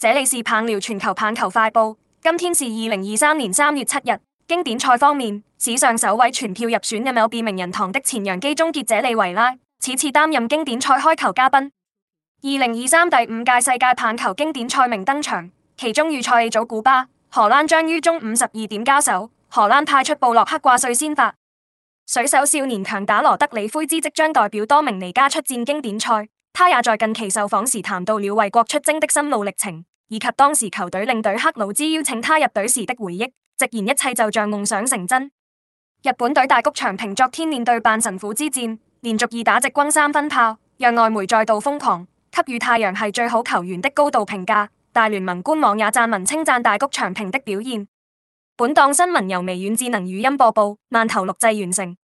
這裏是棒球全球棒球快報，今天是二零二三年三月七日。經典賽方面，史上首位全票入選入有變名人堂的前洋基終結者里維拉，此次擔任經典賽開球嘉賓。二零二三第五屆世界棒球經典賽明登場，其中預賽組古巴、荷蘭將於中午十二點交手，荷蘭派出布洛克掛帥先發，水手少年強打羅德里灰茲即將代表多米尼加出戰經典賽。他也在近期受訪時談到了為國出征的心路歷程，以及當時球隊領隊克魯茲邀請他入隊時的回憶，直言一切就像夢想成真。日本隊大谷翔平昨天面對阪神虎之戰，連續二打席轟三分炮，讓外媒再度瘋狂，給予太陽系最好球員的高度評價。大聯盟官網也撰文稱讚大谷翔平的表現。本檔新聞由微軟智能語音播報，慢投錄製完成。